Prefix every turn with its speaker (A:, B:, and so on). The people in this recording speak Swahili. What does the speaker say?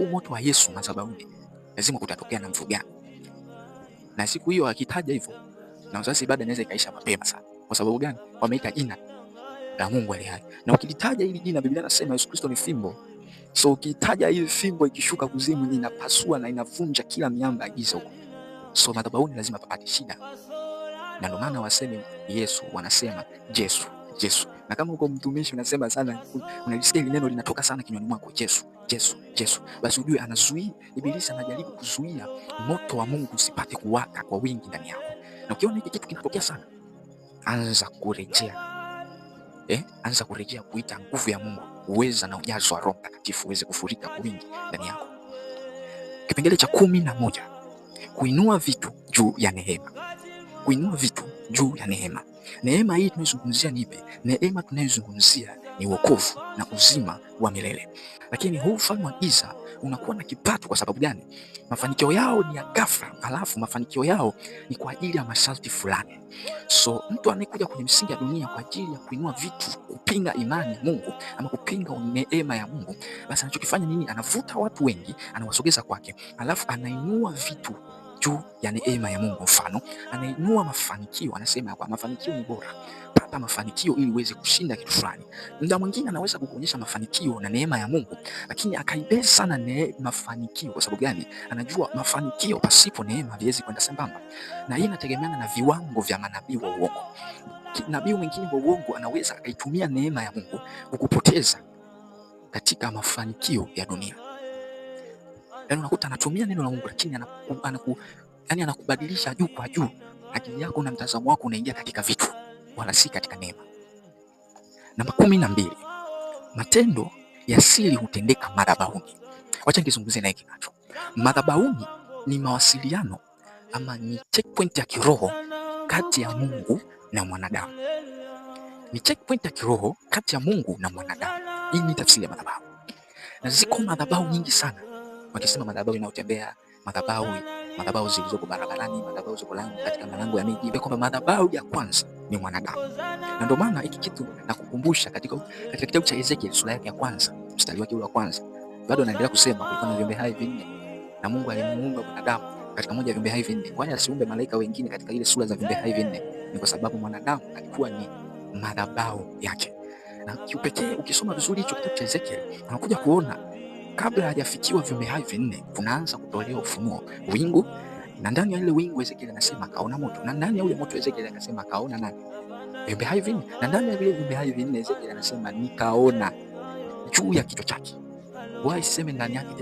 A: huu moto wa Yesu madhabahuni lazima kutatokea na gani na siku hiyo akitaja hivyo na sasa ibada inaweza ikaisha mapema sana. Kwa sababu gani? Wameita jina la Mungu aliye hai, na ukilitaja hili jina, Biblia inasema Yesu Kristo ni fimbo. So ukitaja hii fimbo ikishuka kuzimu, inapasua na inavunja kila miamba ya giza huko. So madhabahuni lazima papate shida, na ndio maana waseme Yesu, wanasema Yesu Yesu. Na kama uko mtumishi unasema sana, unajisikia hili neno linatoka sana kinywani mwako, Yesu, Yesu, Yesu, basi ujue anazuia Ibilisi, anajaribu kuzuia moto wa Mungu usipate kuwaka kwa wingi ndani yako. Na ukiona hiki kitu kinatokea sana, anza kurejea Eh, anza kurejea kuita nguvu ya Mungu, uweza na ujazo wa Roho Mtakatifu uweze kufurika kwa wingi ndani yako. Kipengele cha kumi na moja: kuinua vitu juu ya neema. Kuinua vitu juu ya neema. Neema hii tunayozungumzia nipe, Neema tunayozungumzia ni wokovu na uzima wa milele. Lakini huu ufalme wa giza unakuwa na kipato. Kwa sababu gani? Mafanikio yao ni ya ghafla, alafu mafanikio yao ni kwa ajili ya masharti fulani. So mtu anayekuja kwenye msingi ya dunia kwa ajili ya kuinua vitu, kupinga imani ya Mungu ama kupinga neema ya Mungu, basi anachokifanya nini? Anavuta watu wengi, anawasogeza kwake, alafu anainua vitu juu ya neema ya Mungu. Mfano, anainua mafanikio, anasema kwa mafanikio ni bora, pata mafanikio ili uweze kushinda kitu fulani. Mda mwingine anaweza kukuonyesha mafanikio na neema ya Mungu, lakini akaibeza sana ne mafanikio. Kwa sababu gani? Anajua mafanikio pasipo neema haviwezi kwenda sambamba, na hii inategemeana na viwango vya manabii wa uongo. Nabii mwingine wa uongo anaweza akaitumia neema ya Mungu kukupoteza katika mafanikio ya dunia yani unakuta anatumia neno la Mungu lakini anaku, anaku, yani anakubadilisha juu kwa juu. Akili yako na mtazamo wako unaingia katika vitu wala si katika neema. Namba kumi na mbili, matendo ya siri hutendeka madhabahuni. Wacha nizungumzie naye kinacho madhabahuni. Ni mawasiliano ama ni checkpoint ya kiroho kati ya Mungu na mwanadamu, ni checkpoint ya kiroho kati ya Mungu na mwanadamu. Hii ni tafsiri ya madhabahu, na ziko madhabahu nyingi sana wakisema madhabahu inayotembea, madhabahu madhabahu zilizoko barabarani, madhabahu ziko lango katika malango ya miji, kwamba madhabahu ya kwanza ni mwanadamu. Na ndio maana hiki kitu nakukumbusha katika, katika kitabu cha Ezekiel sura yake ya kwanza mstari wake wa kwanza, bado anaendelea kusema kulikuwa na viumbe hai vinne na Mungu alimuumba mwanadamu katika moja ya viumbe hai vinne, kwani asiumbe malaika wengine katika ile sura za viumbe hai vinne. Ni kwa sababu mwanadamu alikuwa ni madhabahu yake, na kiupekee ukisoma vizuri hicho kitabu cha Ezekiel unakuja kuona kabla hajafikiwa viumbe hai vinne, kunaanza kutolewa ufunuo, wingu na ndani ya ile wingu Ezekiel anasema kaona moto, na ndani ya ule moto Ezekiel anasema kaona nani? Viumbe hai vinne. Na ndani ya vile viumbe hai vinne Ezekiel anasema nikaona juu ya kichwa chake, wasiseme ndani yake tena.